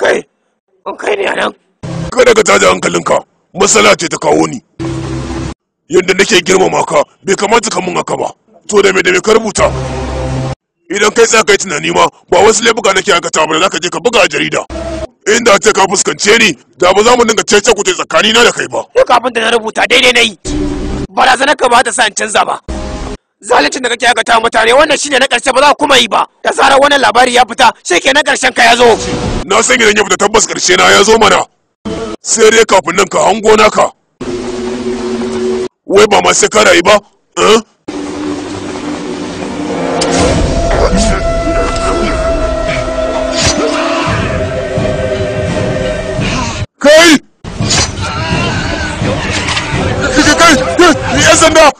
Kai, kun kai ne anan? Kada ka tada hankalinka, matsala ce ta kawo ni. Yadda nake girmama ka, bai kamata ka mun haka ba. To da me da me ka rubuta? Idan kai tsaka tunani ma, ba wasu laifuka nake aikata ba da ka je ka buga a jarida. Inda ce ka fuskance ni, da ba za mu dinga cece ku tsakani na da kai ba. Duk abin da na rubuta daidai na yi. Barazanar ka ba ta sa in canza ba. zalincin da kake ta mutane wannan shine na karshe ba za kuma yi ba da zarar wannan labari ya fita shi ke na karshen ka ya zo na san idan ya fita tabbas karshe na ya zo mana sai dai kafin nan ka hango naka wai ba ma sai ka rayu ba Kai! kai kai kai kai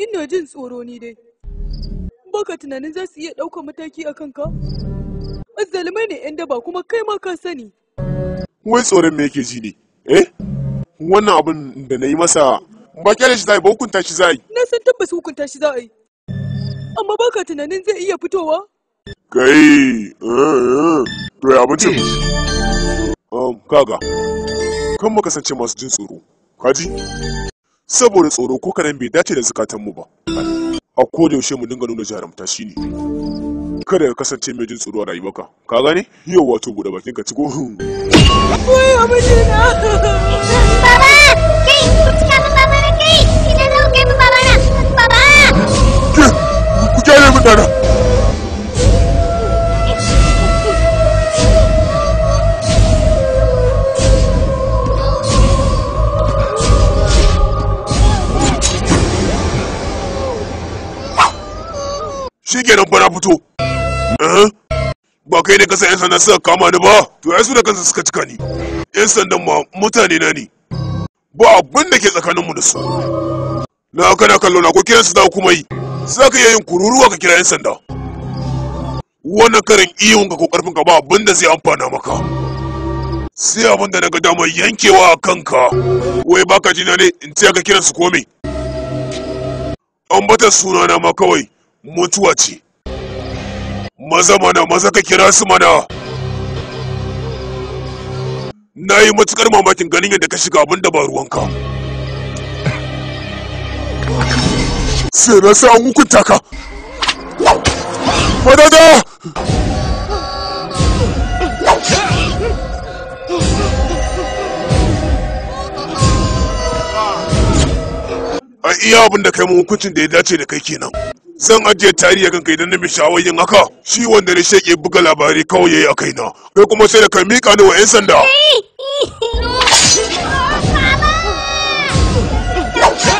Ina jin tsoro ni dai. Baka tunanin za su iya ɗaukar mataki a kanka? Azzalumai ne 'yan daba kuma kai ma ka sani. Wai tsoron me yake ji ne? Eh? Wannan abin da na yi masa ba kyale shi za yi ba hukunta shi za yi. Na san tabbas hukunta shi za yi. Amma baka tunanin zai iya fitowa? Kai, to eh, ya eh, eh, abincin? Um, kaga, kan mu kasance masu jin tsoro. Kaji? saboda tsoro ko kadan bai dace da zukatanmu ba a yaushe mu dinga nuna jarumta shine kada ka kasance mai jin tsoro a rayuwarka ka gane yau wato bude bakin ka ciko hun wayo mijina baba kai ku cika min baba kai baba ku min kenan fa na fito eh? ba kai ne kasa 'yan sanda suka kama ni ba to ya su da kansa suka cika ni 'yan sandan ma mutane na ne ba abin da ke tsakaninmu da su na kana kallo na ko kiran su kuma yi za ka iya yin kururuwa ka kira 'yan sanda wannan karin iyon ka ko karfin ka ba abin da zai amfana maka sai abin da na ga damar yankewa a kanka wai baka jina ne in ce ka kiran su ko me bata sunana ma kawai mutuwa ce maza mana maza ka kira su mana na yi matukar mamakin ganin yadda ka shiga abin da ba ruwanka sai na sa hukunta ka madada a iya abin da kai mu hukuncin da ya dace da kai kenan zan ajiye tarihi kan kai dan na mai sha'awar yin haka shi wanda na sheke buga labari kawai yayi a kaina kai kuma sai da ka mika ni wa 'yan sanda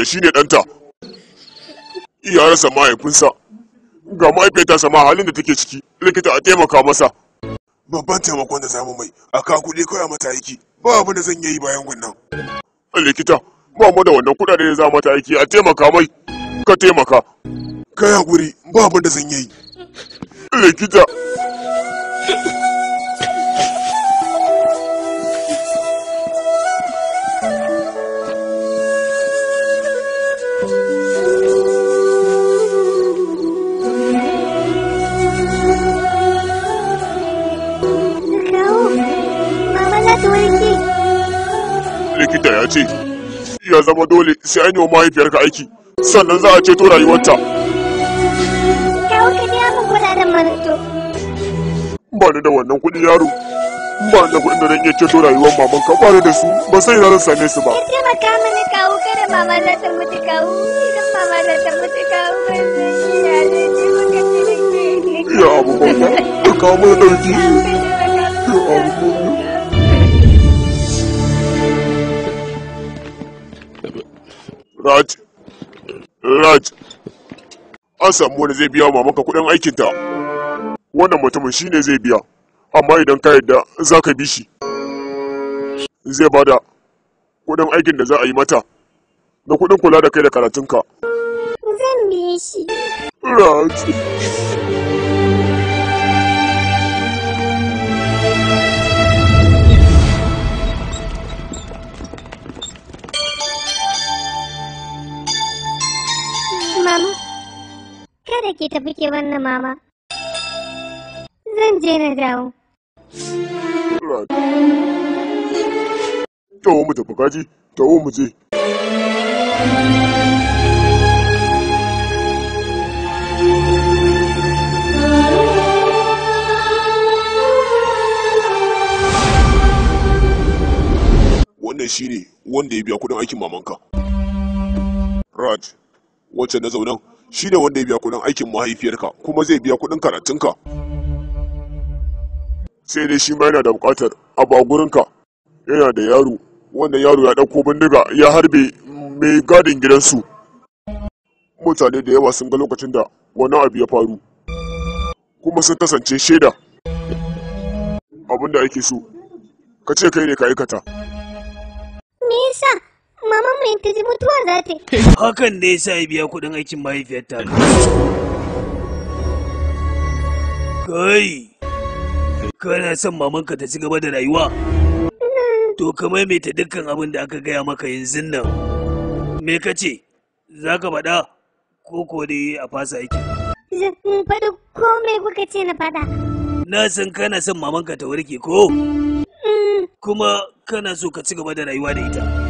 ta shine ɗanta ya rasa mahaifinsa ga mahaifiyarta sama halin da take ciki likita a taimaka masa babban taimakon da zamu mai a ka kuɗi kawai mata aiki ba abin da zan yi bayan wannan likita ba mu da wannan kuɗaɗe da za mata aiki a taimaka mai ka taimaka kai hakuri ba abin da zan yi likita likita ya ce ya zama dole sai an yi wa mahaifiyarka aiki sannan za a ceto rayuwarta ba ni da wannan kuɗi yaro ba ni da kuɗin da zan iya ceto rayuwar maman ka ba da su ba sai na rasa ne su ba taimaka mana kawo kada mama za ta mutu kawo idan mama za ta mutu kawo ba zai yi na zai taimaka ya abu ba babba ka kawo mana ɗauki ya abu babba Raj, Raj, an samu wani zai biya wa mamanka kuɗin aikinta. Wannan mutumin shi ne zai biya, amma idan ka yadda za ka bi shi. Zai bada kuɗin aikin da za a yi mata, da kuɗin kula da kai da karatunka. Zan biye shi. Raj. wannan mama. Zan je na dawo. Wannan shi ne wanda ya biya kudin aikin mamanka. Raj, wacce na zaunan shi ne wanda ya biya kuɗin aikin mahaifiyarka kuma zai biya kuɗin karatunka sai dai shi ma yana da bukatar abu a gurinka yana da yaro wanda yaro ya ɗauko bindiga ya harbe mai gadin gidansu mutane da yawa sun ga lokacin da wani abu ya faru kuma sun kasance shaida Abinda ake so ka ce kai ne ka aikata me yasa mama mu ta ji mutuwa za ta yi. hakan ne sa ya biya kuɗin aikin mahaifiyar ta kai kana son mamanka ta ci gaba da rayuwa to ka maimaita dukkan abin da aka gaya maka yanzu nan me ka ce za ka faɗa ko ko dai a fasa aiki faɗi ko kuka ce na faɗa na san kana son mamanka ta warke ko mm. kuma kana so ka ci gaba da rayuwa da ita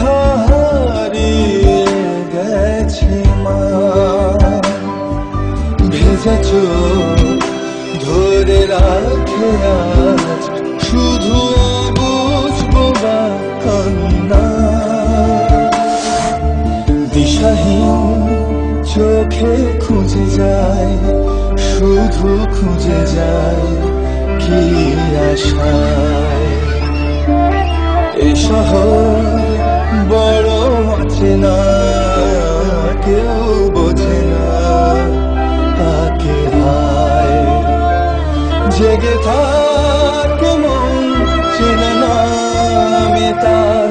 কথা হারিয়ে মা ভেজা চোখ ধরে রাখে শুধু বা কান্না দিশাহীন চোখে খুঁজে যায় শুধু খুঁজে যায় কি আশায় এ শহর বড় কেউ না তাকে জেগে থাক মন চেনে না আমি তার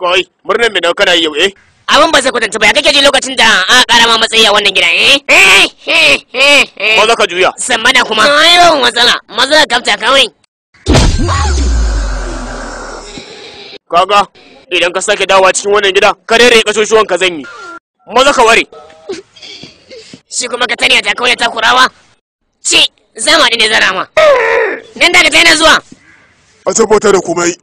koi murnan me kana da yau eh abin ba sai kwatanta ba ya kake ji lokacin da a kara ma matsayi a wannan gida eh, eh, eh, eh ko za ka juya mana kuma ai ba matsala matsala kafta kawai kaga idan ka sake dawa cikin wannan gida ka rere kasoshuwan ka zan yi maza ka ware shi kuma ka tani ta kawai ta kurawa ce zama ne zara ma nan daga tana zuwa a tabbata da kuma yi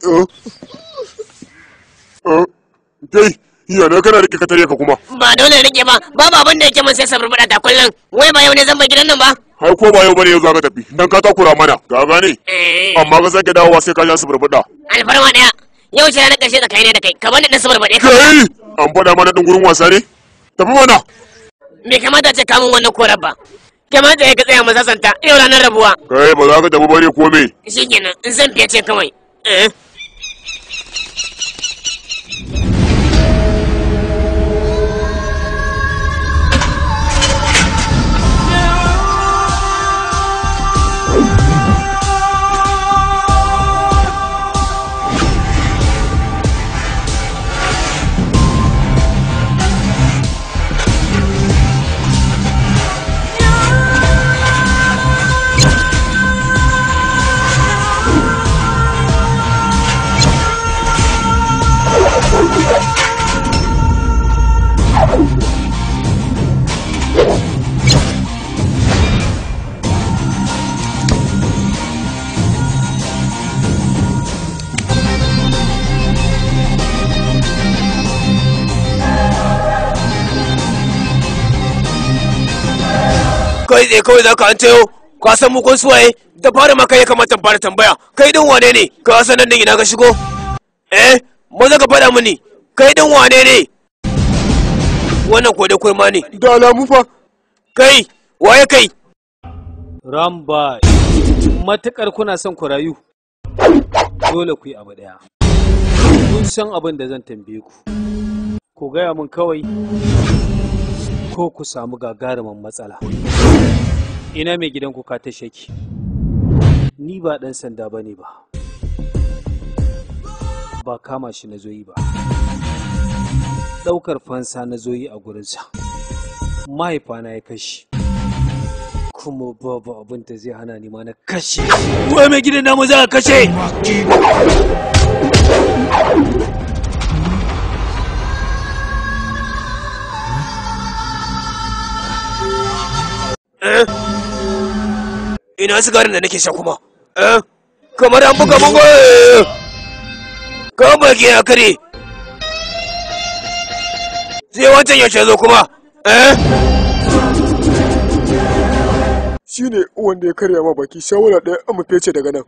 kai iya na kana rike katare ka kuma ba dole rike ba ba abin da yake mun sai sabar bada ta kullun wai ba yau ne zan bar gidan nan ba Hai ko ba yau bane yau zaka tafi dan ka takura mana ga gane eh. amma ka sake dawowa sai ka ja sabar bada alfarma daya yau ce na karshe da kai ne da kai ka bani dan sabar bada kai an fada mana din gurin wasa ne tafi mana me kamata ce kamun wannan korar ba kamata ya ka tsaya masasanta yau ranar rabuwa kai ba za ka tafi bane ko me shikenan in zan fiye ce kawai eh kai ne kawai za ka an tayo ka san mu kun suwaye da fara ma kai ya kamata fara tambaya kai din wane ne ka san nan din ina ka shigo eh maza ka faɗa mini kai din wane ne wannan ko da ma ne da alamu fa kai waye kai ramba matukar kuna son ku rayu dole ku yi abu daya kun san abin da zan tambaye ku ku gaya min kawai ko ku samu gagarumin matsala. Ina mai gidan ka ta shaki. Ni ba ɗan sanda ba ne ba. Ba kama shi na zoyi ba. Ɗaukar fansa na zoyi a gurinsa. Mahaifana ya kashi. Kuma babu abin da zai hana ni ma na kashe. Wai mai gidan namu za a kashe! Eh? ina sigarin da nake sha kuma eh kamar an buga mun goye ka baki ya kare sai wancan yaushe zo kuma eh shine wanda ya karya ma baki shawara ɗaya amma fece daga nan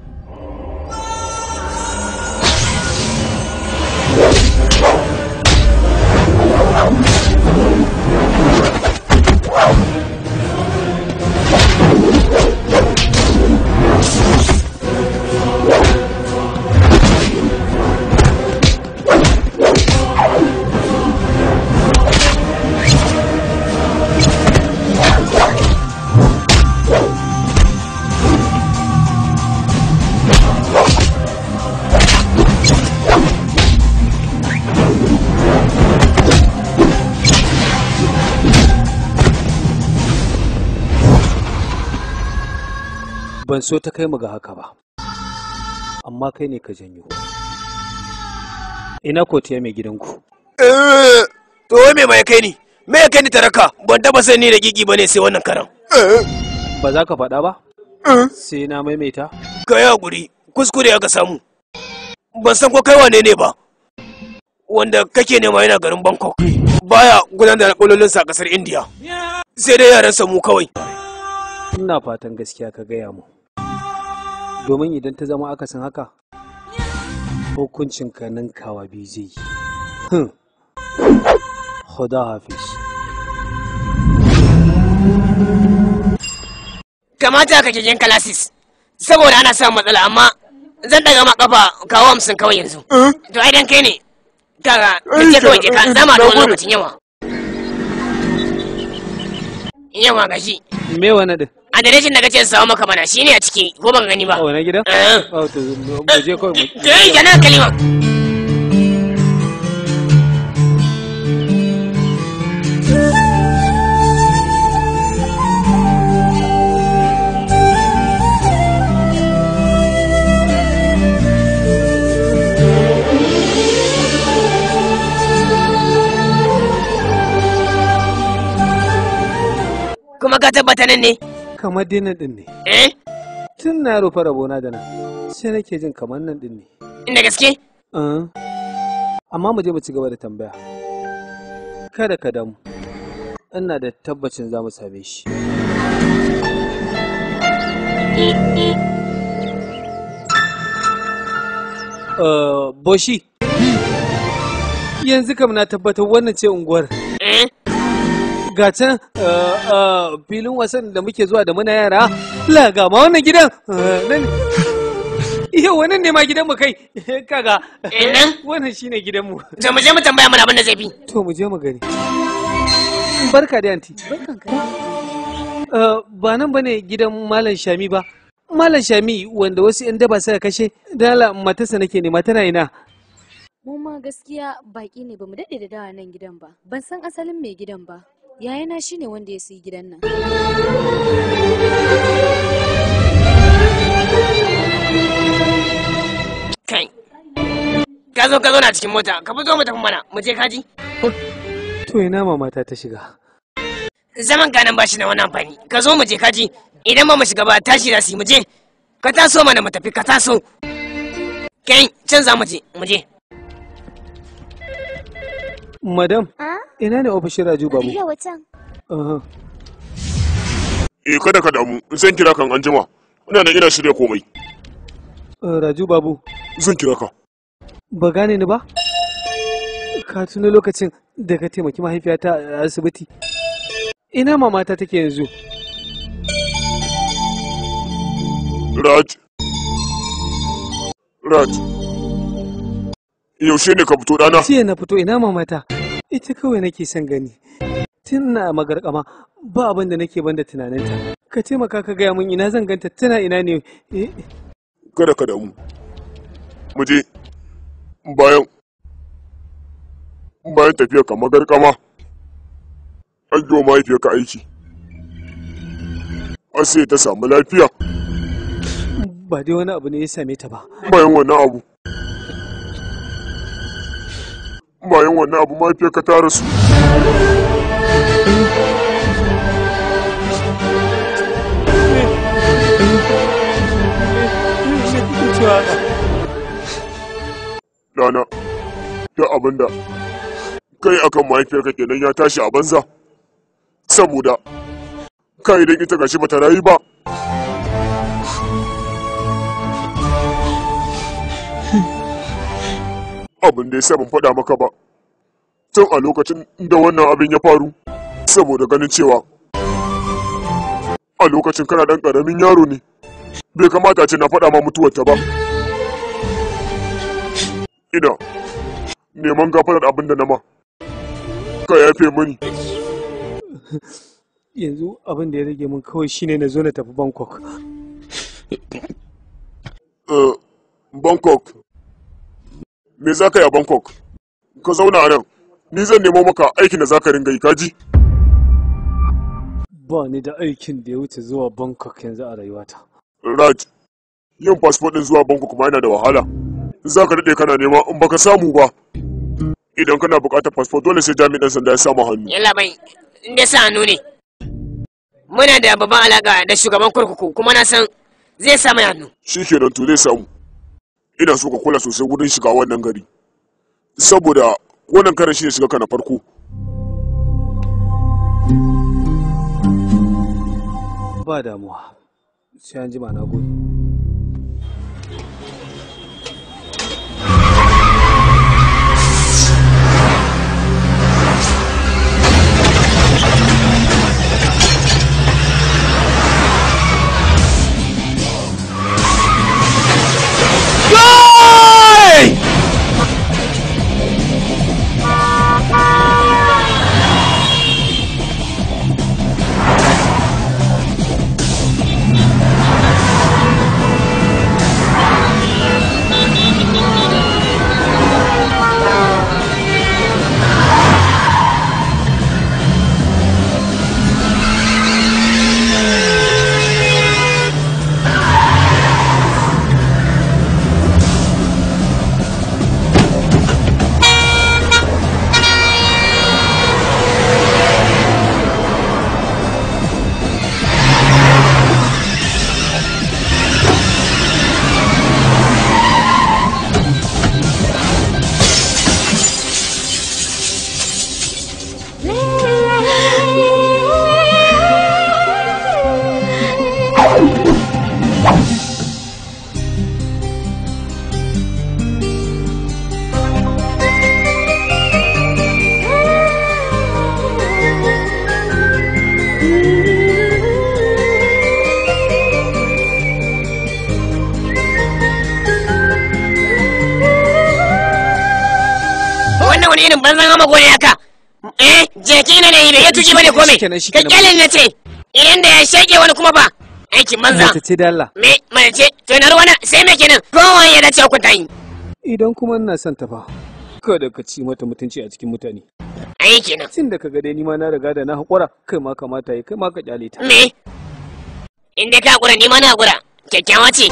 so ta kai mu ga haka ba amma kai ne ka janyo ina ko tiya mai gidanku eh, to wai me mai kai ni me kai ni taraka ban taba sani da gigi bane sai wannan karan eh. ba za ka faɗa ba eh. sai na maimaita Ka yi hakuri kuskure aka samu ban san ko kai wane ne ba wanda kake nema yana garin bangkok baya gudan da sa a ƙasar Indiya. sai dai yaran mu kawai ina fatan gaskiya ka gaya mu domin idan ta zama akasin haka hukuncinka nan kawa biyu zai yi Khuda hmm. hafiz kamata ka keken kalasis saboda ana samun matsala amma zan daga ma kafa kawo hamsin kawai yanzu eh? to ai kai ne kaga eh, kace kawai ka zama da wani lokacin yawa yawa gashi me wani din a da rashin daga ce samu maka mana shine a ciki ko ban gani ba a wani gida Eh. a ah, to je ko mu to yi kana kalima kuma ka tabbata nan ne kamar dinar din ne. Eh? Tun na rufe rabona da nan, sai nake jin kamar nan din ne. Inda gaske? Eh. Amma mu je mu ci gaba da tambaya. Kada ka damu, ina da tabbacin za mu same shi. Eh, Boshi, yanzu kam na tabbatar wannan ce unguwar. ga can eh, eh, filin wasan da muke zuwa da muna yara Laga ma wannan gidan Iya eh, wani ne ma gidanmu kai kaga. Eh nan? Wannan shine gidanmu. To mu je mu tambaya mana abin da zai bi. To mu je mu gani. Barka da anti. Barkanka. ba nan bane gidan Malam Shami ba. Malam Shami wanda wasu 'yan daba suka kashe dala matarsa nake mata tana ina. Mu ma gaskiya baki ne bamu daɗe da dawa nan gidan ba. Ban san asalin mai gidan ba. yayana shi ne wanda ya sayi gidan nan kai ka zo ka zo na cikin mota ka fito mu tafi mana mu je kaji to ina mata ta shiga zaman ganin ba shi na wani amfani ka zo mu je kaji idan ba mu shiga ba tashi da su mu je ka taso mana mu tafi ka taso kai can za mu je mu je Madam, ah? ina ne ofishin Raju Babu? Bila wacan. Eh kada ka damu, zan kira kan anjima. Ina da ina shirya komai. Eh, Raju Babu. Zan kira ka. Ba gane ni ba? Ka tuna lokacin da ka taimaki mahaifiyata a asibiti. Ina mamata take yanzu. Raj. Raj. yaushe ne ka fito dana jiya na fito ina mamata ita kawai nake son gani tun na magarkama ba abin da nake banda tunaninta ka taimaka ka gaya min ina zan ganta tana ina ne eh, eh. kada ka damu mu je bayan bayan tafiya ka magarkama an yi wa mahaifiyarka aiki an sai ta samu lafiya ba dai wani abu ne ya same ta ba bayan wani abu bayan wani abu mahaifiyarka ta rasu Dana, ta abinda kai akan mahaifiyarka kenan ya tashi a banza, saboda kai idan ita gashi bata rayu ba. abin da ya sa ban faɗa maka ba tun a lokacin da wannan abin ya faru saboda ganin cewa a lokacin kana ɗan ƙaramin yaro ne bai kamata ce na faɗa ma mutuwarta ba ina neman gafarar abin da na ma ka yafe mani yanzu abin da ya rage min kawai shine na zo na tafi bangkok eh, bangkok me za ka yi a Bangkok? Ka zauna a nan, ni zan nemo maka aikin da za ka ringa yi kaji. Ba ni da aikin da ya wuce zuwa Bangkok yanzu a rayuwata. Raj, yin fasfo ɗin zuwa Bangkok ma yana da wahala. Za ka daɗe kana nema in baka samu ba. Idan kana buƙatar fasfo dole sai jami'in sanda ya samu hannu. Yalla bai, in dai sa hannu ne. Muna da babban alaƙa da shugaban kurkuku kuma na san zai sa mai hannu. Shi kenan to zai samu. ina so ka kula sosai wurin shiga wannan gari saboda wannan karin shi ne shiga kana farko ba damuwa sai an ma na gode na tuki bane komai ka na ce idan da ya shege wani kuma ba aikin manza mata ce da Allah me ce to na ruwana sai me kenan kowa ya dace ku ta yi idan kuma ina son ta fa kada ka ci mata mutunci a cikin mutane ai kenan tun da kaga dai ni ma na riga da na hakura kai ma kamata yi kai ma ka kyale ta me inda ka hakura ni ma na hakura kyakkyawa ce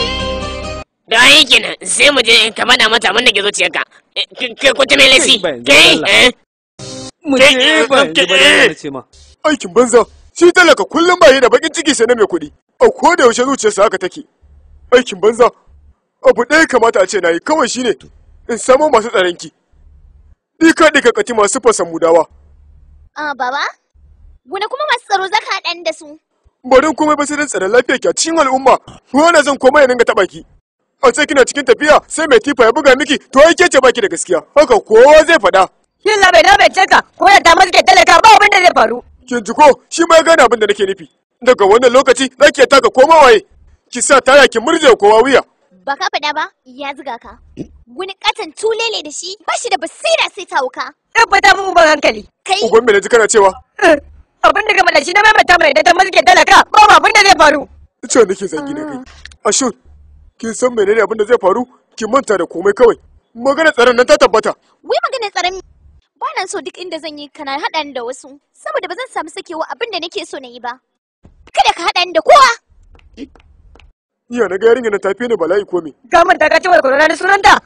da ai kenan sai mu je ka mata mun da ke zuciyarka eh, kai ko ta mai laifi kai mu je ba ce ma aikin banza shi talaka kullum ba yi da bakin ciki sai na mai kuɗi a ko da yaushe sa haka take aikin banza abu ɗaya kamata a ce na yi kawai shine in samo masu ni ka ɗika kati masu fasan mudawa a baba wani kuma masu tsaro zaka haɗan da su barin komai ba sai dan tsaron lafiya ki a cikin al'umma wani zan komai ya dinga taɓa ki a sai kina cikin tafiya sai mai tifa ya buga miki to ai ke ce baki da gaskiya haka kowa zai faɗa Yin labai na bai cika ko da ta suke talaka ba abin da zai faru. Yanzu ko shi ma gane abin da nake nufi. Daga wannan lokaci za ki taka koma waye. Ki sa taya ki murje kowa wuya. Ba ka faɗa ba ya zuga ka. Wani katon tulele da shi ba shi da basira sai ta wuka. Tabbata mu ban hankali. Kai. Uban me naji kana cewa. Eh, abin da gama da shi na maimaita mai da ta masu ke talaka ba abin da zai faru. Ita nake zagi na kai. Ashun kin san menene abin da zai faru ki manta da komai kawai. Magana tsaron nan ta tabbata. Wai magana tsaron ba so duk inda zan yi kana haɗa ni da wasu saboda ba zan samu sakewa abin da nake so na yi ba kada ka haɗa ni da kowa iya na ga yarinya na tafi ni bala'i ko me gamar ta kace warkon ranar sunanta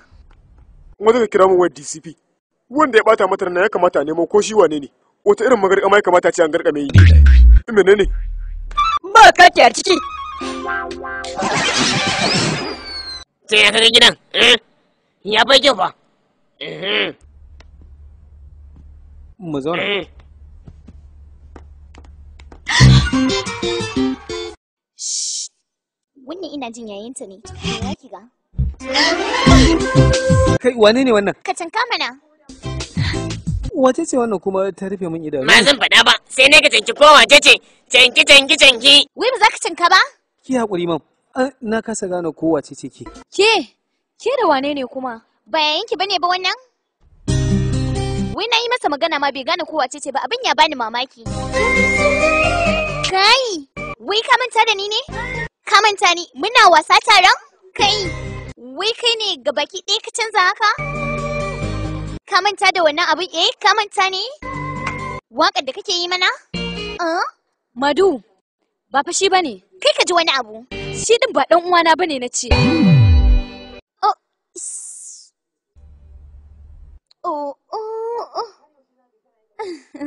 wanda ka kira min wa DCP wanda ya bata mata na ya kamata a mu ko shi wane ne wata irin magarka ma ya kamata ce an garka mai yi menene ba ka ta ciki sai ya kaga gidan eh? ya bai kyau fa eh, eh. mu zauna eh. wannan ina jin yayinta ne ya ki ga kai wane ne wannan ka kama mana wace ce wannan kuma ta rufe min idanu ma zan faɗa ba sai ne ka canki ko wace ce canki-canki-canki. wai ba za ka canka ba ki haƙuri mam ah, na kasa gane ko wace ce ke ke ke da wane ne kuma ba yayinki bane ba wannan Wai na yi masa magana ma bai gane kowa ce ba abin ya bani mamaki. Kai, wai ka manta da ni ne? Ka manta ni muna wasa taron? Kai, wai kai ne ga baki ɗaya ka canza haka? Ka manta da wannan abin eh ka manta ne? Waƙar da kake yi mana? Ah, Madu, ba fa shi bane. Kai ka ji wani abu. Shi din ba ɗan uwana bane na ce. Oh, Oh, oh, oh.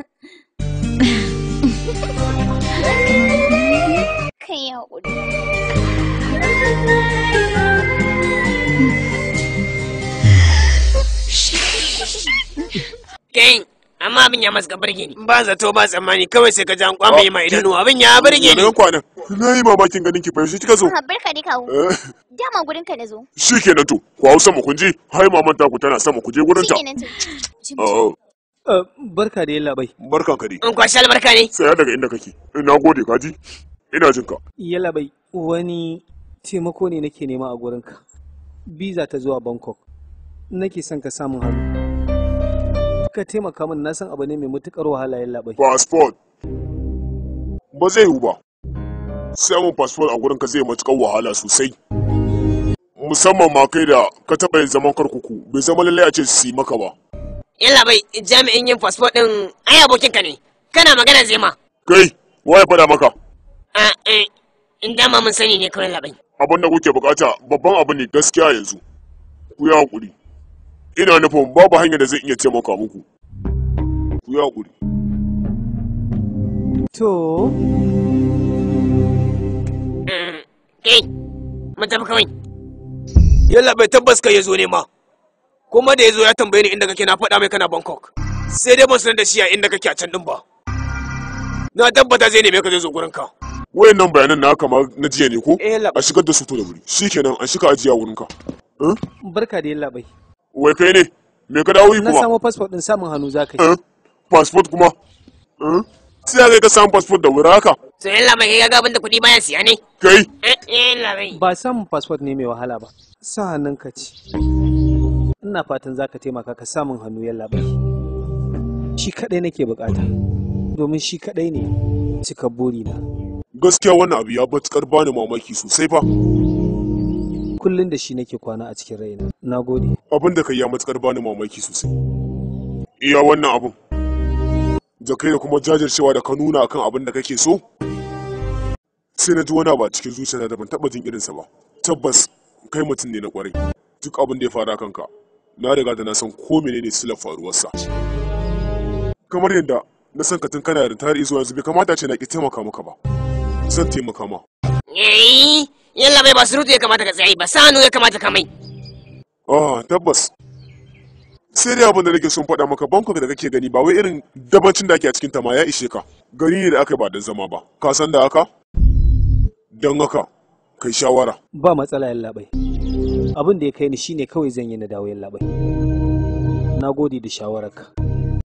Can't Gang. amma abin ya masu ka burge ni ba zato ba tsammani kawai sai ka ji an kwamaye ah, ma idanu abin ya burge ni daga kwanan na yi mamakin ganin ki fahimci kika so. Ah, barka dai kawo eh. dama gurin ka na zo shikenan to ku hau mu kun ji hai maman ta ku tana sama ku je gurin ta oh, oh. Eh, barka da yalla bai barka ka dai in kwashi albarka ne tsaya daga inda kake ina eh, gode ka ji ina jin ka yalla bai wani taimako ne nake nema a gurinka biza ta zuwa bangkok nake son ka samun hannu ka taimaka min na san abu ne mai matukar wahala ya labai passport ba zai yiwu ba samun passport a gurin ka zai matukar wahala sosai musamman ma kai da ka taba yin zaman karkuku bai zama lallai a ce su yi maka ba yalla bai jami'in yin passport din ai abokin ka ne kana magana zai ma kai waye faɗa maka a eh, in dama mun sani ne kawai labai abin da kuke bukata babban abu ne gaskiya yanzu ku yi hakuri ina nufin babu hanyar da zai iya taimaka muku ku yi haƙuri to eh mun tafi kawai yalla bai tabbas kai yazo zo ne ma kuma da ya zo ya tambaye ni inda kake na faɗa mai kana bangkok sai dai ban sanar da shi a inda kake a can din ba na tabbata zai neme ka zai zo gurin ka wayannan bayanan na kama na jiya ne ko eh, a shigar da su to da wuri shikenan an shika ajiya wurin ka eh? barka da yalla bai wai kai ne me ka dawo yi kuma na samu passport din samun hannu za ka yi eh, passport kuma eh, sai zai ka samu passport da wuri haka to yin labai ya ga da kuɗi bayan siya ne kai eh, ba samun passport ne mai wahala ba sa hannun ka ci ina fatan za ka taimaka ka samun hannu yan labai shi kadai nake bukata domin shi kadai ne cika burina gaskiya wannan abu ya batukar bani mamaki sosai fa kullum da shi nake kwana a cikin raina na gode abin da kai ya matukar bani mamaki sosai iya wannan abin da kai da kuma jajircewa da ka nuna akan abin da kake so sai na ji wani ba cikin zuciya da ban taba jin irinsa ba tabbas kai mutum ne na kwarai duk abin da ya faru kanka na riga da na san ko menene faruwar faruwarsa kamar yadda na san ka tun kana da tarihi zuwa yanzu bai kamata ce na ki taimaka maka ba zan taimaka ma yayi eh, yalla bai ba surutu ya kamata ka tsaye ba sanu ya kamata ka mai Oh, tabbas sai dai abin da nake son faɗa maka bangkok da kake gani ba wai irin dabancin da ake a cikin ta ma ya ishe ka gari ne da aka ba da zama ba ka san da haka don haka kai shawara ba matsala yalla bai abin da ya kai ni shine kawai zan yi na dawo yalla bai na gode da shawararka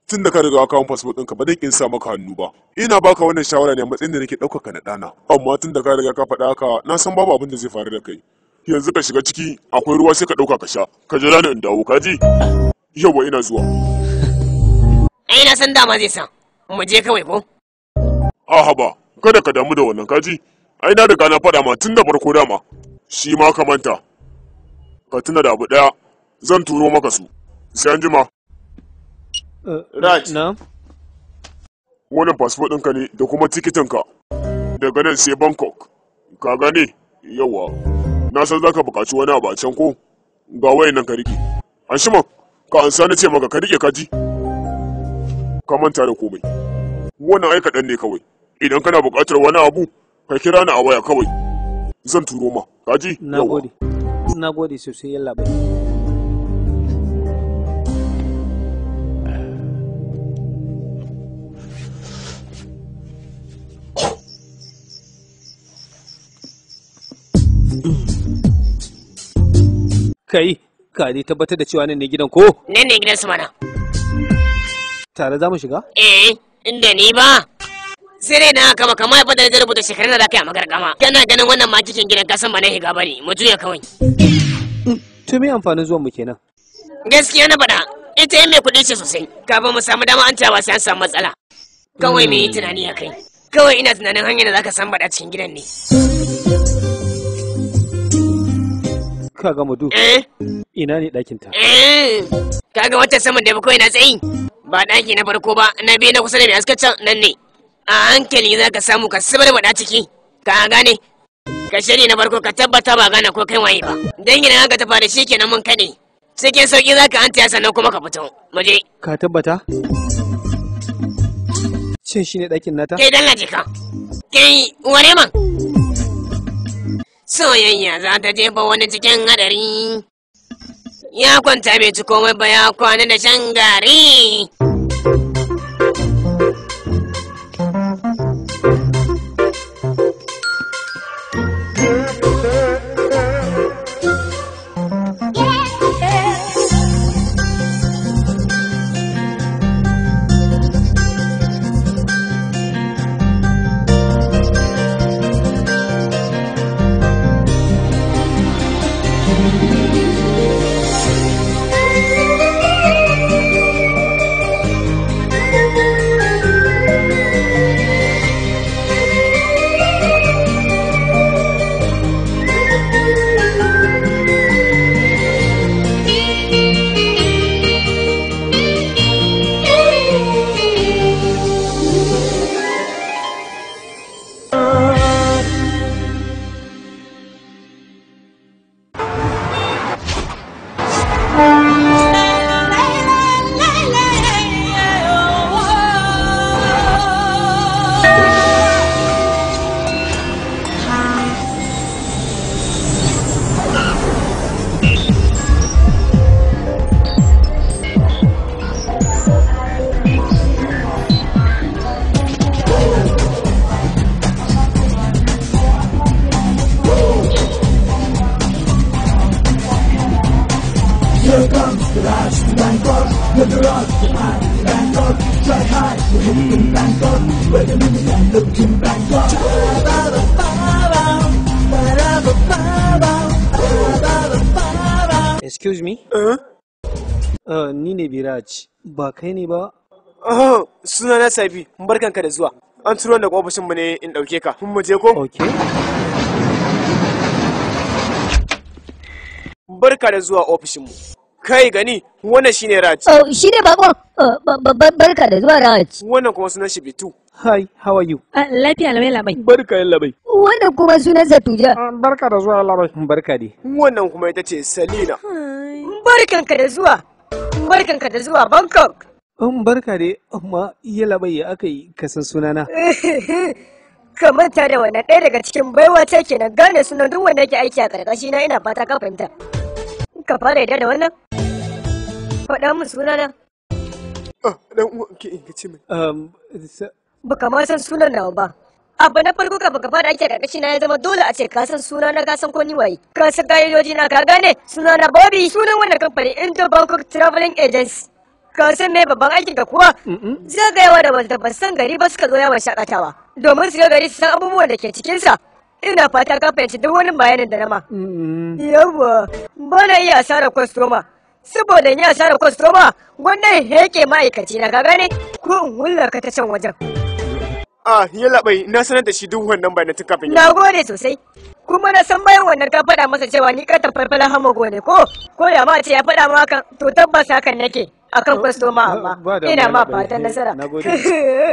tun da ka riga kawo fasfo ɗinka ba zan in sa maka hannu ba ina baka wannan shawara ne a matsayin da nake ɗaukaka na ɗana amma tun da ka riga ka faɗa haka na san babu abin da zai faru da kai yanzu ka shiga ciki akwai ruwa sai ka ɗauka ka sha ka jira ni in dawo ka ji yawa ina zuwa ai na san dama zai sa mu je kawai ko A ba kada ka damu da wannan ka ji ai na riga na faɗa ma tun da farko dama shi ma ka manta ka tuna da abu ɗaya zan turo maka su sai an jima Uh, Raj. Na? Wannan fasfo ɗinka ne da kuma tikitinka. Daga nan sai Bangkok. Ka gane? Yawa. Na san za ka buƙaci wani abu a can ko? Ga wayan nan ka riƙe. Anshiman, ka ansa sani ce maka ka riƙe kaji. Ka manta da komai. Wannan aika ɗan ne kawai. Idan kana buƙatar wani abu, ka kira ni a waya kawai. Zan turo ma. Kaji? Yawa. Na gode sosai yalla bai. Kai, ka ne tabbatar da cewa nan ne gidan ko? Nan ne gidan su mana. Tare za mu shiga? Eh, inda ni ba. Sai dai na kama kama ya fadar da rubuta shekarun da kai a magargama. Kana ganin wannan makikin gidan kasan ba na higa bane, mu juya kawai. To me amfanin zuwan mu kenan? Gaskiya na faɗa, ita yin mai kuɗi ce sosai. Kafin mu samu dama an cewa sai an samu matsala. Kawai me yi tunani a kai. Kawai ina tunanin hanyar da ka san bada cikin gidan ne. ka gama du eh ina ne ɗakin ta eh ga wata saman da bakwai na tsayi ba ɗaki na farko ba na biyu na kusa da mai askacin nan ne a hankali za ka samu ka sabar da ciki ka gane ka shirya na farko ka tabbata ba gane ko kai waye ba dangin haka ta fara shi kenan mun kane cikin sauƙi za ka hanta sannan kuma ka fito mu je ka tabbata shin shi ne ɗakin nata kai dan laje ka kai ware man soyayya za ta jefa wani cikin hadari ya kwanta bai ci komai ba ya kwana da shan gari ba kai ne ba suna na sabi ka da zuwa an turo daga ofishin mu ne in dauke ka mun muje je ko okay barka da zuwa ofishin mu kai gani wannan shine raj oh shine bako oh, barka da zuwa raj wannan kuma sunan shi bitu hi how are you ah, lafiya lamai labai barka yin labai wannan kuma sunan zatuja ah, barka da zuwa labai barka dai wannan kuma ita ce salina barkanka da zuwa barkanka da zuwa Bangkok. In um, barka dai, amma iya labai ya aka yi kasan sunana. Ka manta da wannan ɗaya daga cikin baiwa ta na, gane sunan duk wanda yake aiki a ƙarƙashi na ina fata ka fahimta. Ka fara yadda da wannan? Faɗa min sunana. Ah, ɗan uwa, ke in ka ce min. Um, ba kamar san sunan nawa ba. abu na farko ka baka fara ake karkashi na ya zama dole a ce ka san suna na kasan ko ni waye ka san na ka gane suna na bobi sunan wannan kamfani Indo Bangkok Traveling Agency ka san me babban aikin ka kuwa yawa da wanda ba san gari ba suka zo yawan shakatawa domin su ga gari su san abubuwan da ke cikinsa ina fata ka fahimci duk wani bayanin da na ma yawa ba na iya asarar kwastoma saboda ni asarar kwastoma wannan heke ma'aikaci na ka gane ko in wulla ka ta can wajen Ah, ya labai na sanar da shi duk wannan na tun kafin Na gode sosai. Kuma na san bayan wannan ka faɗa masa cewa ni ka tafarfalan hamago ne ko? Ko ya ma ce ya faɗa ma hakan to tabbas hakan nake akan kwastoma amma ina ma fatan nasara. Na gode.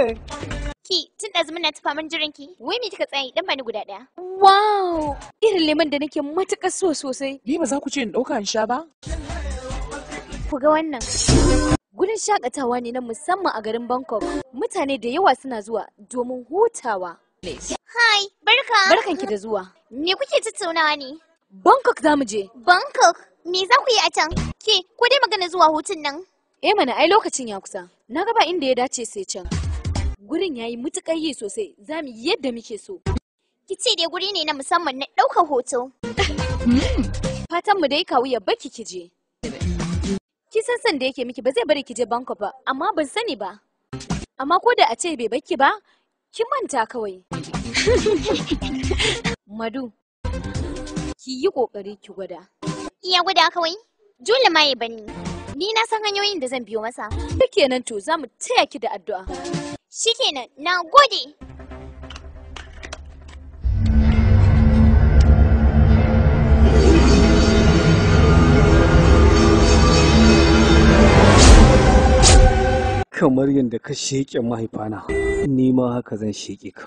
ki tun da zumun na tufa min jirin ki wai me kika tsaye dan bani guda daya wow irin lemon da nake matuƙa so sosai ni ba za ku ce in dauka in sha ba ku ga wannan Gurin shakatawa ne na musamman a garin Bangkok. Mutane da yawa suna zuwa domin hutawa. Hai, barka. Barkan ki da zuwa. Me kuke tattaunawa ne? Bangkok za mu je. Bangkok? Me za ku yi a can? Ke, ko dai magana zuwa hutun nan? Eh mana ai lokacin ya kusa. Na gaba inda ya dace sai can. Gurin ya yi mutukar yi sosai, za mu yi yadda muke so. Ki ce dai guri ne na musamman na ɗaukar hoto. Hmm. Fatan mu dai kawu ya baki ki je. Ki san san da yake miki ba zai bari ki je banko ba, amma ban sani ba. Amma ko da a ce bai baki ba, ki manta kawai. Madu, ki yi ƙoƙari ki gwada. Iya gwada kawai? Jule ma bani. Ni na san hanyoyin da zan biyo masa. nan to za mu taya ki da addu'a. Shikenan, na gode. kamar yadda ka sheƙe mahaifana ni ma haka zan sheƙe ka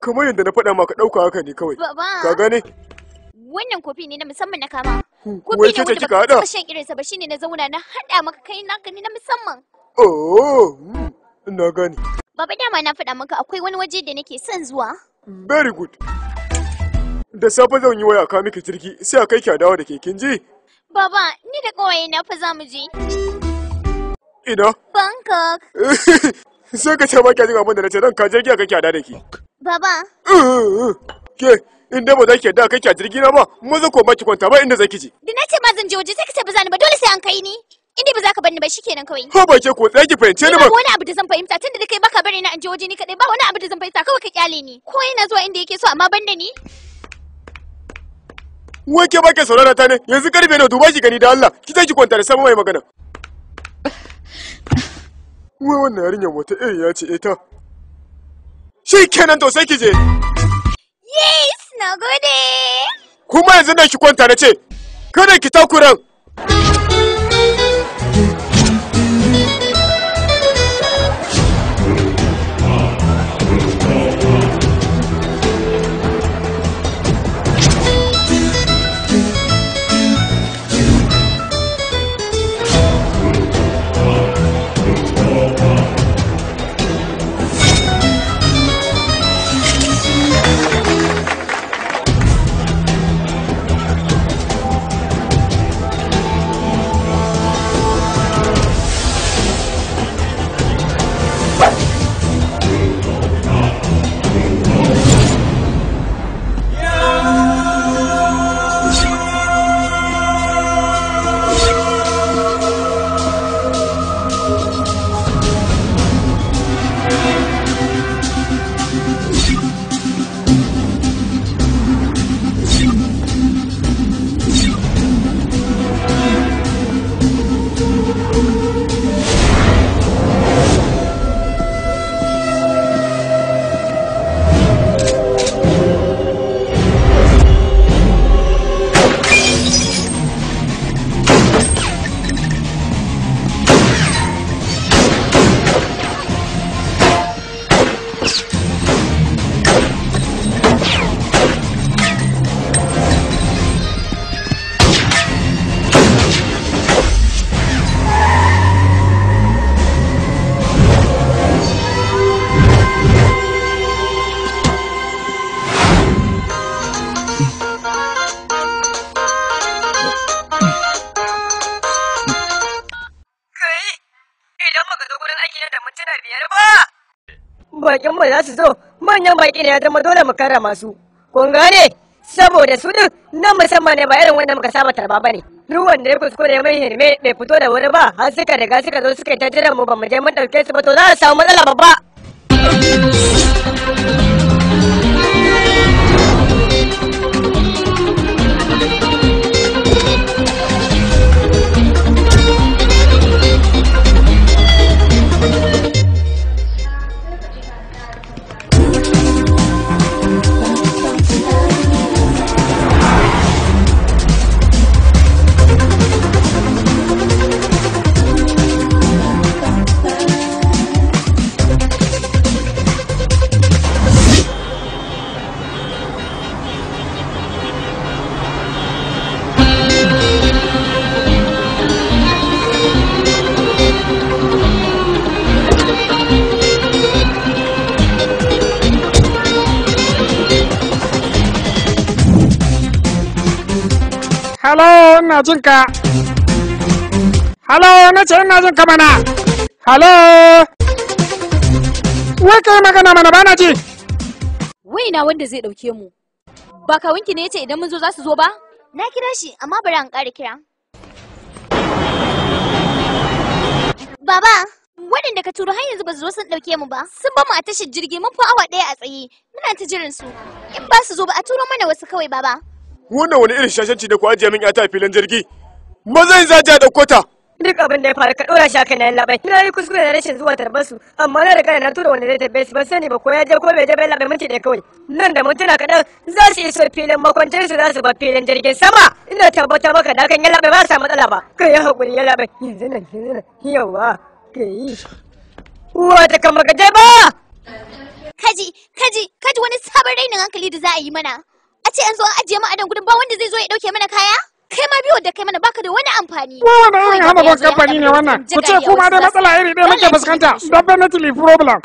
kamar yadda na faɗa maka ɗauka haka ne kawai ka gane wannan kofi ne na musamman na kama kofi ne wanda ba ka shan irin sa ba shine na zauna na hada maka kai na gani na musamman oh hmm, na gani baba dama na faɗa maka akwai wani waje da nake son zuwa very good da safe zan yi waya ka miki jirgi sai a kai ki a dawo da ke kin ji baba ni da kawai na fa za mu je ina bangkok sai ka ce ba ki jin abin da na ce dan ka jirgi a kai ki a dawo da ki. baba uh, uh, uh, ke in dai ba za ki yadda kai a jirgi na ba mu za ko ba ki kwanta ba inda za ki je da na ce ma zan je waje sai ka ce ba za ni ba dole sai an kai ni inda ba za ka bar ni ba shikenan kawai ko ba ke ko tsaya ki fahimce ni ba wani abu da zan fahimta tunda da kai baka bari na an je waje ni kadai ba wani abu da zan fahimta kawai ka kyale ni ko yana zuwa inda yake so amma ban da ni wai ke baka saurara ta ne yanzu karfe na duba ki gani da Allah ki je ki kwanta da sama mai magana wai wannan yarinyar wata eh ya ce ita eh shi kenan to sai ki je Na Kuma yanzu nan ki kwanta na ce, kada ki kuran. karrama su kun gane saboda su din na musamman ne ba irin wanda muka saba tarba bane duk wanda ya kuskure mai hirme bai fito da wuri ba har suka riga suka zo suka yi ta jiran mu ba mu je mu dauke su ba to za a samu matsala ba ba. halo ina jin ka halo na ce ina jin ka mana halo wai kai magana mana ba na ji wai na wanda zai dauke mu ba kawunki ne ya ce idan mun zo za su zo ba na kira shi amma bari an ƙara kira baba waɗanda ka turo har yanzu ba su zo sun ɗauke mu ba sun ba mu a tashar jirgi mun fi awa ɗaya a tsaye muna ta jiran su in ba su zo ba a turo mana wasu kawai baba wannan wani irin shashanci da ku ajiye min yata a filin jirgi maza in zaje da ta duk abin da ya faru ka dora shi akan nan labai na yi kuskure da rashin zuwa tarbar su amma na riga na tura wanda zai tarbe su ba sani ba ko ya je ko bai je bai labai minti da kawai nan da mutuna kaɗan za su iso filin makwancin su za su ba filin jirgin sama ina tabbata maka da kan ya labai ba sa matsala ba kai ya hakuri ya labai yanzu nan yanzu nan yawa kai wata kama ka je ba kaji kaji kaji wani sabon rainin hankali da za a yi mana ce zo an ajiye mu a gudun ba wanda zai zo ya dauke mana kaya kai ma biyo da kai mana baka da wani amfani ko wani irin hana kamfani ne wannan ku ce kuma dai matsala iri ɗaya muke fuskanta definitely problem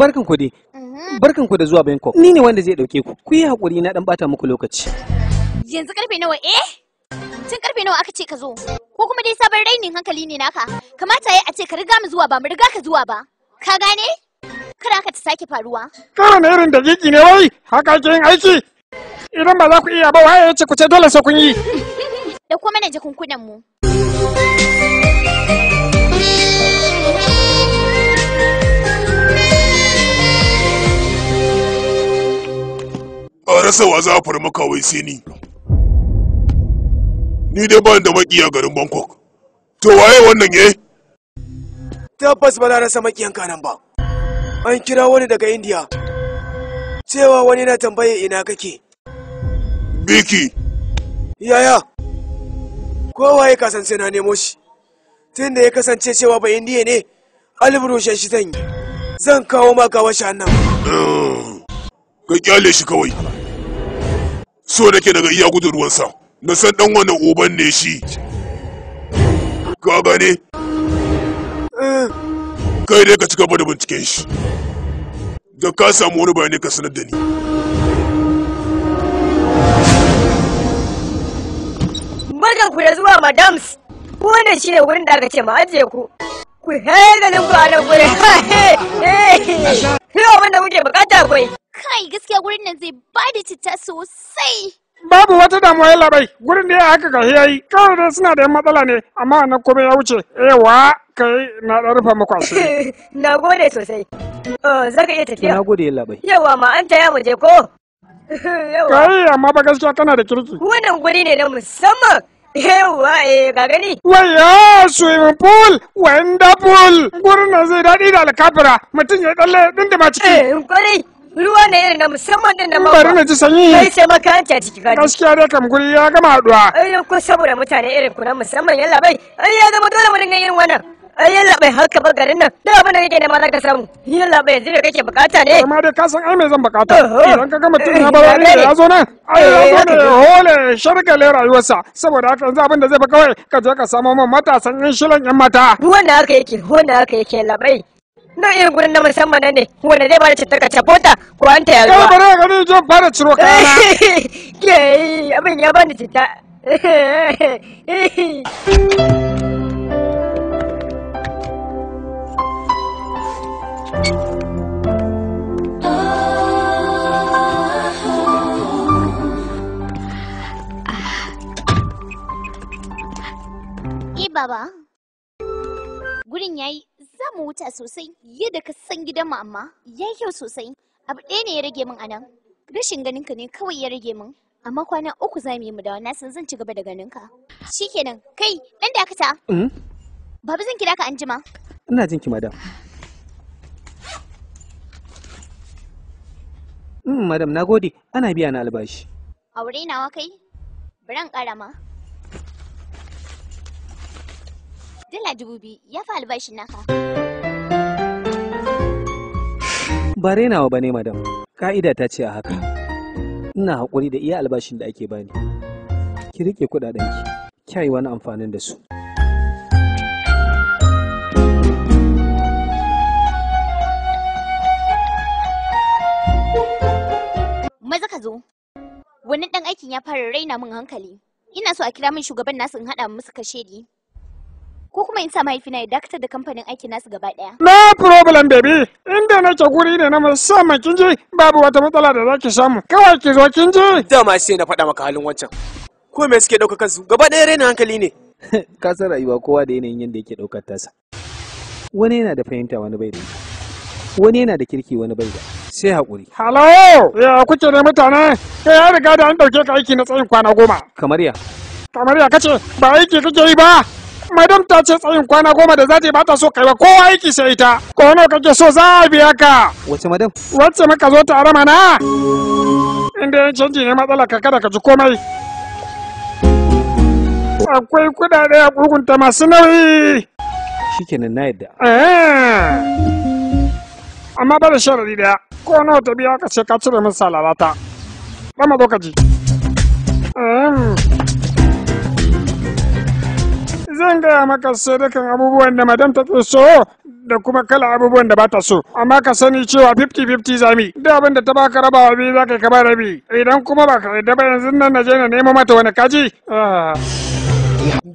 barkan ku dai mhm. barkan ku da zuwa Bangkok ni ne wanda zai dauke ku ku yi hakuri na dan bata muku lokaci yanzu karfe nawa eh tun karfe nawa aka ce ka zo ko kuma dai sabon rainin hankali ne naka kamata yayi a ce ka riga mu zuwa ba mu riga ka zuwa ba ka gane kada ka ta sake faruwa kana irin da jiki ne wai haka ke yin aiki idan ba za ku iya ba waye ya ce ku ce dole sai kun yi da kuma na kunkunan mu rasa wa za a fara maka wai sai ni ni dai ban da makiya garin bangkok to waye wannan ye eh? tabbas ba na rasa makiyan nan ba an kira wani daga india cewa wani na tambaye ina kake biki yaya kowa ya kasance na nemo shi tun da ya kasance cewa ba indiya ne shan shi zan kawo maka washa nan ka kyale shi kawai so da ke daga iya gudun ruwansa na san dan wannan uban ne shi ka gane kai dai ka ci gaba da binciken shi da ka samu wani bayani ka sanar da ni barkan ku da zuwa madams wannan shi ne wurin da aka ce ma ku ku haɗa nan ku a nan ha he he abin da kuke bukata akwai kai gaskiya gurin nan zai ba da citta sosai babu wata damuwa ya labai gurin da ya haka ga yayi kawai dai suna da yan matsala ne amma na komai ya wuce yawa kai na dan rufa muku su. na gode sosai oh, zaka iya tafiya na gode ya labai yawa ma an taya mu je ko kai amma ba gaskiya kana da kirki wannan guri ne na musamman Yawa eh ga gani. Waya swimming pool wonderful gurin nan zai daɗi da alkafira mutum ya ɗalle ɗin da ma ciki. Eh kwarai ruwa ne irin na musamman din na mamba bari na ji sanyi sai sai maka hanci ciki gadi gaskiya dai kam guri ya gama haduwa ai ko saboda mutane irin ku na musamman yalla bai ai ya zama dole mu dinga yin wannan ai yalla bai haka ba garin nan da abin da kake nema zaka samu yalla bai yanzu da kake bukata ne amma dai ka san ai me zan bukata idan ka gama tun ya bar eh, wani ya zo nan ai ya zo eh, ne ya hole sharkale rayuwarsa saboda haka yanzu abin da zai ba kawai ka je ka samo min matasan yan shilan yan mata wannan haka yake wannan haka yake yalla bai na iya gurin na musamman ne wanda zai bada cutar kace fota ko an ta yaruwa kai bare gani zan fara ciro kana ke abin ya bani cuta. Baba, gurin yayi za mu wuta sosai yadda ka san gidanmu amma ya yi kyau sosai abu ɗaya ne ya rage min anan rashin ganin ka ne kawai ya rage min amma kwana uku za mu yi mu da wannan san zan ci gaba da ganin ka shikenan kai dan dakata mm? Baba zan kira ka anjima ina jin ki madam mm, madam, na gode, ana biya na albashi. Aure nawa kai? Biran ƙarama. Dala dubu biyu ya fi albashin naka. Ba nawa ba ne madam, ka'ida ta ce a haka. Ina haƙuri da iya albashin da ake bani. Ki riƙe kuɗaɗenki, yi wani amfanin da su. Maza ka zo, wani ɗan aikin ya fara raina min hankali. Ina so a kira min shugaban nasu in haɗa musu kashedi. ko kuma in sa mahaifina ya dakatar da kamfanin aikin nasu gaba daya. No problem baby. Inda nake guri ne na musamman kin ji babu wata matsala da zaki samu. Kawai ki zo kin ji. ma sai na faɗa maka halin wancan. Ko me suke ɗauka kansu? Gaba ɗaya raina hankali ne. Ka san rayuwa kowa da yanayin yadda yake ɗaukar tasa. Wani yana da fahimta wani bai da Wani yana da kirki wani bai da. sai haƙuri. Halo, ya kuke ne mutane? Kai ya riga da an ɗauke ka aiki na tsayin kwana goma. Kamar ya. Kamar ya kace ba aiki kake yi ba. madam ta ce tsayin kwana goma da za ta yi ba ta so kai ba kowa yake sai ita ko nawa kake so za a biya ka wace madam wace maka zo ta arama na inda yin canji ne matsala ka kada ka ji komai akwai kudade a kugunta masu nauyi shikenan na yadda eh. amma ba da sharadi daya ko nawa ta biya ka ce ka cire min salalata ba ma zo ka ji zan gaya maka dukan abubuwan da madam ta so da kuma kala abubuwan da bata so amma ka sani cewa 50-50 zami da abin da ta baka rabawa biyu za ka yi kaba rabi idan kuma ba ka yadda ba yanzu nan na je na nemo mata wani kaji ah.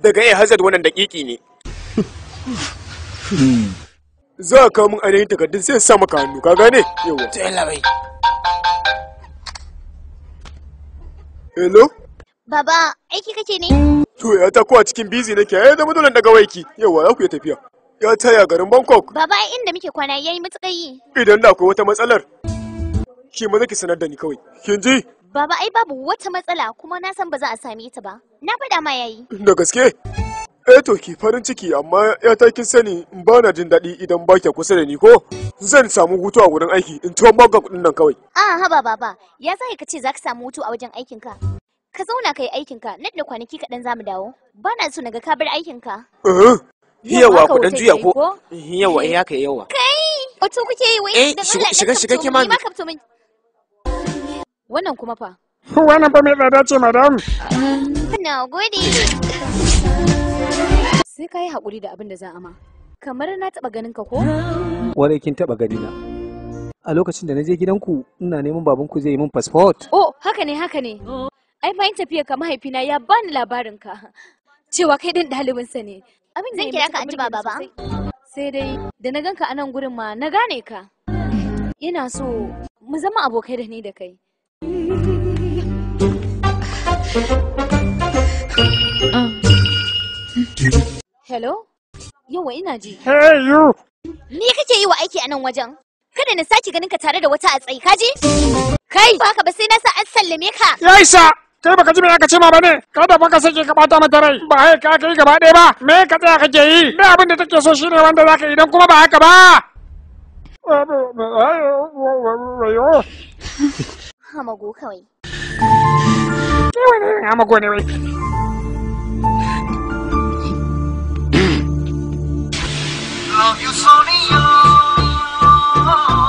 daga iya hazard wannan dakiki ne za ka mun ainihin takardun sai sa maka hannu ka gane yawa hello Baba, aiki kake ne? To ya ta kuwa cikin bizi nake, ai eh, zama dole daga waiki. Yawa za ku yi tafiya. Ya taya garin Bangkok. Baba, ai inda muke kwana yayi matuƙar yi. Idan da akwai wata matsalar. Ki ma zaki sanar da ni kawai. Kin ji? Baba, ai babu wata matsala kuma na san ba za a same ta ba. Na faɗa ma yayi. Da gaske? Eh to ki farin ciki amma ya ta kin sani ba na jin daɗi idan ba ki kusa da ni ko zan samu hutu a wurin aiki in tuwon maka kuɗin nan kawai. A ah, haba baba ya sa ka ce za ka samu hutu a wajen aikinka Ka zauna ka yi aikinka, nan da kwanaki kaɗan za mu dawo. Ba na so na ga ka bar aikinka. Yawa ku dan juya ko? Yawa in eh, haka yawa. Kai! Wato kuke yi wai da eh, shiga shiga ke ma. Wannan kuma fa. Wannan fa mai tsada ce madam. Na gode. Sai kai hakuri da abin da za a ma. Kamar na taɓa ganin ka ko? Wani kin taɓa gani na. a lokacin da na je gidanku ina neman babanku zai yi min fasfot. Oh, haka ne haka ne. ai bayan tafiya ka mahaifina ya bani labarin ka cewa kai din ɗalibinsa ne abin da yake ka anjima baba sai dai da na ganka a nan gurin ma na gane ka ina so mu zama abokai da ni da kai hello yawa ina ji hey you ni kake yi wa aiki a nan wajen kada na sake ganin ka tare da wata a tsayi kaji kai ba ka ba sai na sa an sallame ka yaisa kai baka ji me aka ce ma bane kada baka sake ka bata mata rai ba hai ka kai gaba ɗaya ba me ka tsaya kake yi me abin da take so shine wanda zaka idan kuma ba haka ba hamago kawai hamago ne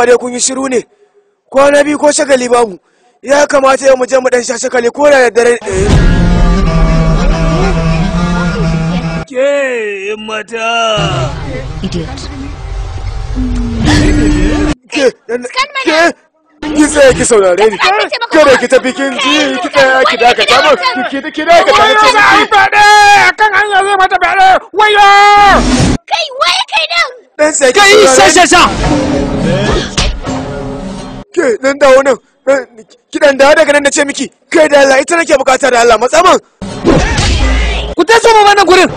ba dai kun yi shiru ne kwana biyu ko shagali babu ya kamata yau mu je mu dan sha shagali ko da dare ke mata idiot ke ki tsaya ki saurare ni kada ki tafi kin ji ki tsaya ki dakata ba ki ki dakata ki ce ki bade akan hanya zai kai waye kai nan dan sai kai sha sha sha ke dan ki daga nan da ce kai da Allah ita nake bukata da Allah matsaman ku taso mu wannan kurin.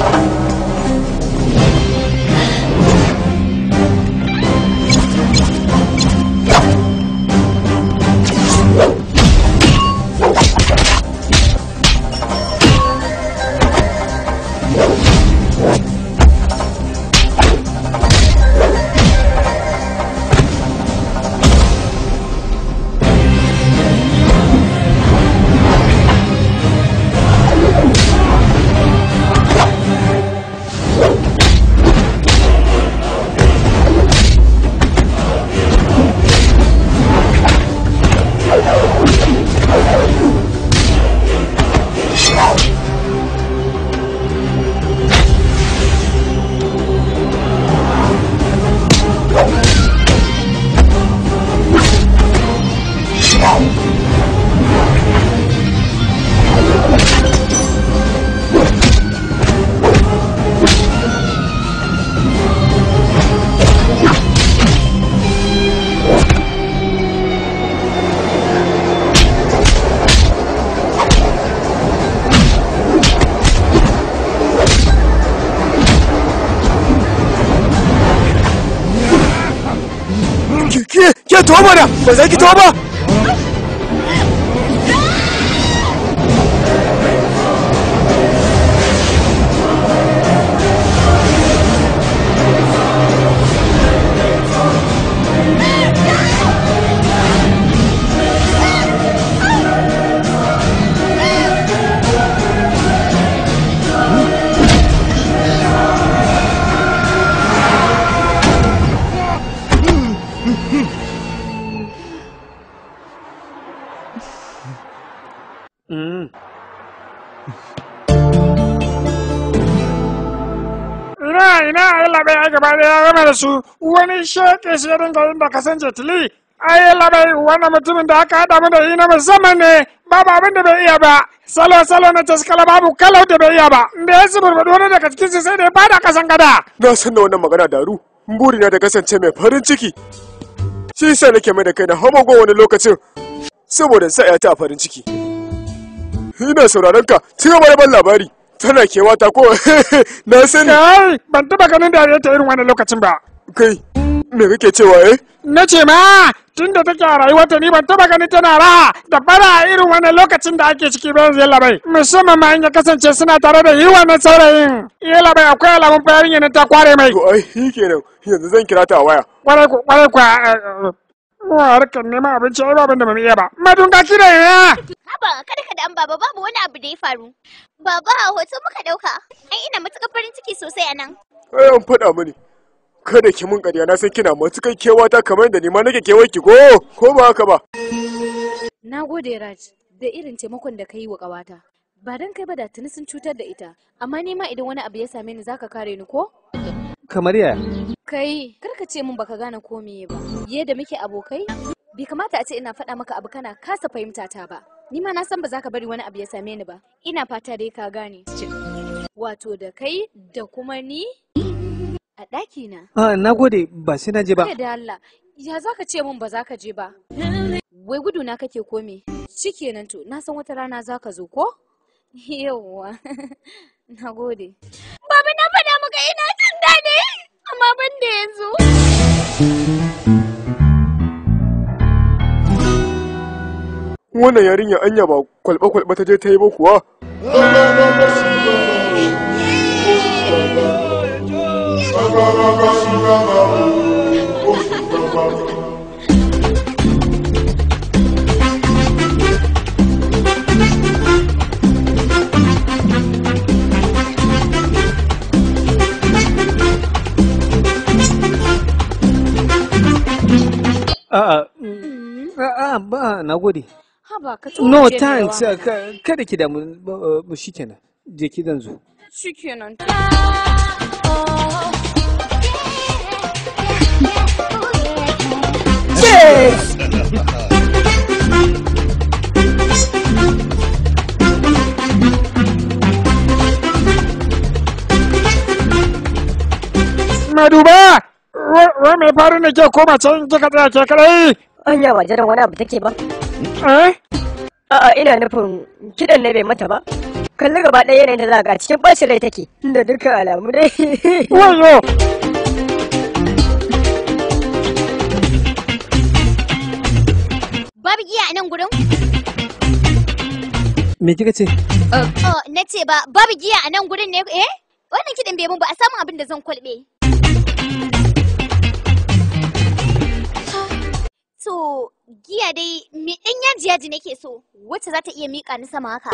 Thank you. ba zai fito ba da su wani shaƙe shi ringa yin da kasan a yi labai wannan mutumin da aka haɗa mu da yi na musamman ne babu abin da bai iya ba salo salo na taskala babu kalau da bai iya ba da ya zubar ba wani daga cikin sai da ya bada kasan gada na san da wannan magana daru na da kasance mai farin ciki shi yasa nake mai da kai kaina hamago wani lokacin saboda sa ya ta farin ciki ina sauraron ka ci gaba da ban labari tana ta ko na sani kai ban taba ganin dariya ta irin wannan lokacin ba kai me kake cewa eh na ce ma tunda take a rayuwarta ni ban taba ganin tana raha. da bara irin wannan lokacin da ake ciki bayan zai labai musamman ma in ya kasance suna tare da yiwa na saurayin iya labai akwai alamun bayarin yana ta kware mai to ai shi kenan yanzu zan kira ta a waya kwarai ku kwarai ku eh, eh, eh. harkar neman abinci ai babin da mamiya iya ba madunga kira ne. haba kada ka da an baba babu wani abu da ya faru Baba, hoto muka ɗauka. Ai, ina matukar farin ciki sosai a nan. Ai, an faɗa mani. Kada ki mun ƙarya na san kina kewa kewata kamar da ni ma nake kewar ki ko ko ba haka ba. Na gode Raj da irin taimakon da ka yi wa ƙawata. Ba dan kai ba da tuni sun cutar da ita, amma ni ma idan wani abu ya same ni zaka kare ni ko? Kamar ya? Kai, kar ka ce min baka gane ko meye ba. Yadda muke abokai, bai kamata a ce ina faɗa maka abu kana kasa fahimta ta ba. Ni ma na san ba za ka bari wani abu ya same ni ba. Ina fata dai ka gane. Wato da kai da kuma ni a ɗaki na. Ah, na gode ba sai na je ba. da Allah, ya za ka ce min ba za ka je ba? Wai gudu na kake kome. Shikenan to, na san wata rana za ka zo ko? Yawwa, na gode. Baba na faɗa maka ina son daɗi, amma ban da yanzu. wannan yarinya anya ba kwalba-kwalba ta je ta yi ba kuwa A'a, a'a ba na gode. ba ka tuwo no thanks kada ki damu shikenan je ki dan zo shikenan Na duba, wa mai faru ne ke koma can kika tsaya ke kadai? Allah wajen wani abu take ba. A'a ina nufin kidan ne bai mata ba. Kalli gaba ɗaya yanayin da za ga cikin ɓacin rai take da dukkan alamu dai. Wayo! Babu giya a nan gurin? Me kika ce? Oh, oh, na ce ba babu giya a nan gurin ne eh? Wannan kidan bai mun ba a samun abin da zan kwalbe. To giya dai mi ɗan yaji yaji nake so wacce za ta iya miƙa ni sama haka.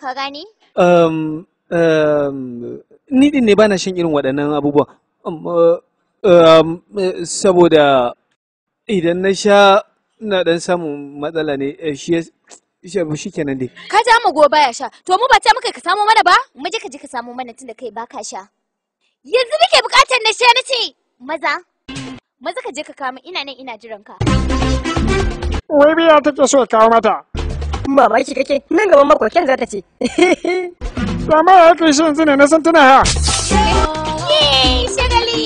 Ka gani Um, um, ni din ne bana shan irin waɗannan abubuwa. Um, uh, um, saboda idan na sha na ɗan samun matsala ne eh, shi shi kenan dai. Ka ja mu gobe ya sha. To mu ba ta muka ka samu mana ba? Mu je ka je ka samu mana tunda kai baka sha. Yanzu muke bukatar na sha na ce maza. maza ka je ka kama ina nan ina jiran ka wai biya take so ya kawo mata shi kake nan gaban ken za ta ce to amma ya kai shi yanzu ne na san tana ha shagali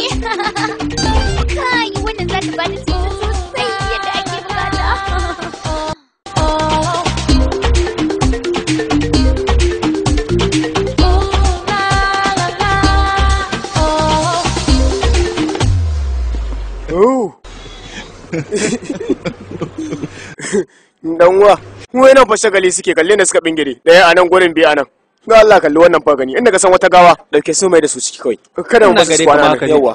kai wannan za ta bani dan wa kuma yana fa shagali suke kalle da suka bingire daya anan gurin bi anan ga Allah kalli wannan fa gani inda ka san wata gawa dauke su mai da su ciki kawai kada mu ba su kwana yawa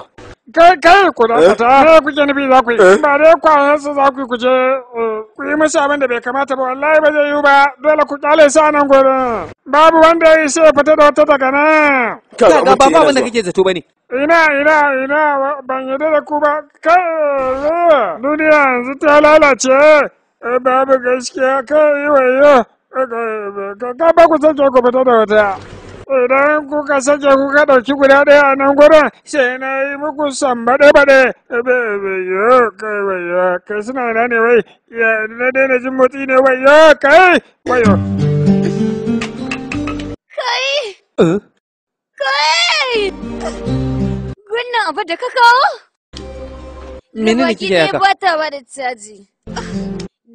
kai ku da ta eh? ne kuke nufi za ku yi eh? ba dai kwayan su za ku yi kuje eh, ku yi musu abin da bai kamata ba wallahi ba zai yi ba dole ku kyale su nan gurin babu wanda ya isa ya fita da wata daga nan ga ba ba wanda kake zato bane ina ina ina ban yarda da ku ba kai duniya yanzu ta lalace babu gaskiya kai wayo ka ba ku sake ku fita da wata Idan kuka sake kuka ɗauki guda ɗaya a nan gurin sai na yi muku sambaɗe-baɗe. Wayo kai wayo kai suna ina ne wai ya na daina jin motsi ne wayo kai wayo. Kai! Eh? Kai! Gunnan abu da ka kawo? Mene ne kike yaka Ba ba da caji.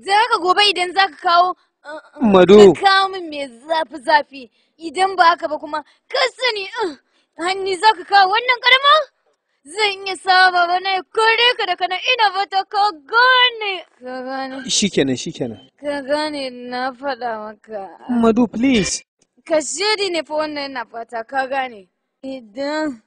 Za ka gobe idan za ka kawo. Mado. Ka kawo min mai zafi-zafi. Idan ba haka ba kuma ka sani uh, hannu za ka kawo wannan karama? Zan iya saba ba na kore ka da kana ina ba ta ka gane. Ka gane. Shi kenan shi kenan. Ka gane na faɗa maka. Madu please. Ka shedi ne fa wannan na fata ka gane. Idan.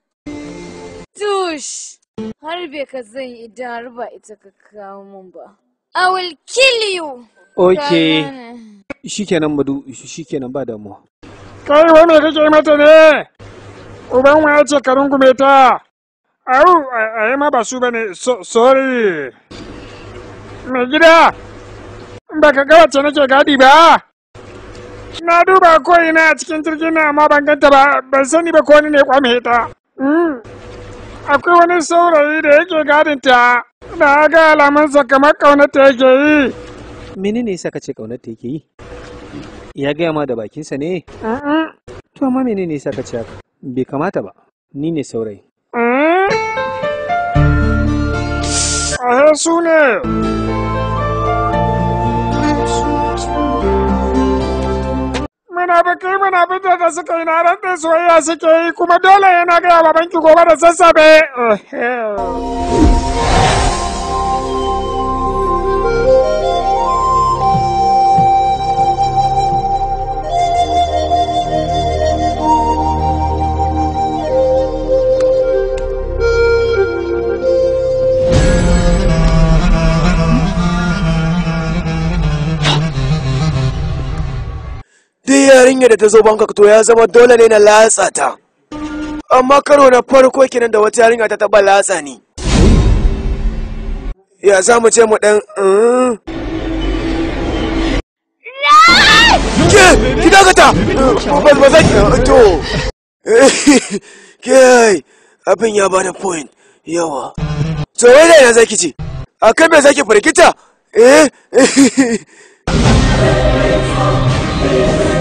Tush. Har bai ka zan yi idan har ba ita ka kawo mun ba. I will kill you. Okay. Shi kenan Madu shi kenan ba damuwa. kai wani kake mata ne uban wa ya ce ka rungume ta au a yi ma ba su bane sorry mai gida ba ka ga wacce nake gadi ba na duba ko ina a cikin jirgin na amma ban ganta ba ban sani ba ko ni ne kwame ta hmm. akwai wani saurayi da yake gadin ta da ga alamun kamar ta yake yi menene yasa kace ta yake yi ya gaya ma da bakinsa ne a'a to amma menene ne saka ce haka bai kamata ba ni ne saurayi a su ne munafikai munafikai da suka yi na da soyayya suke yi kuma dole yana gaya babanki gobe da sassafe. Oh, duk yarinya da ta zo banka to ya zama dole ne na latsa ta amma karo na farko kenan da wata yarinya ta taba latsa ni ya za mu ce mu dan mm? ke ki dakata ba ba zaki to ke abin ya bada point yawa to wai da ina zaki ci kai me zaki firgita eh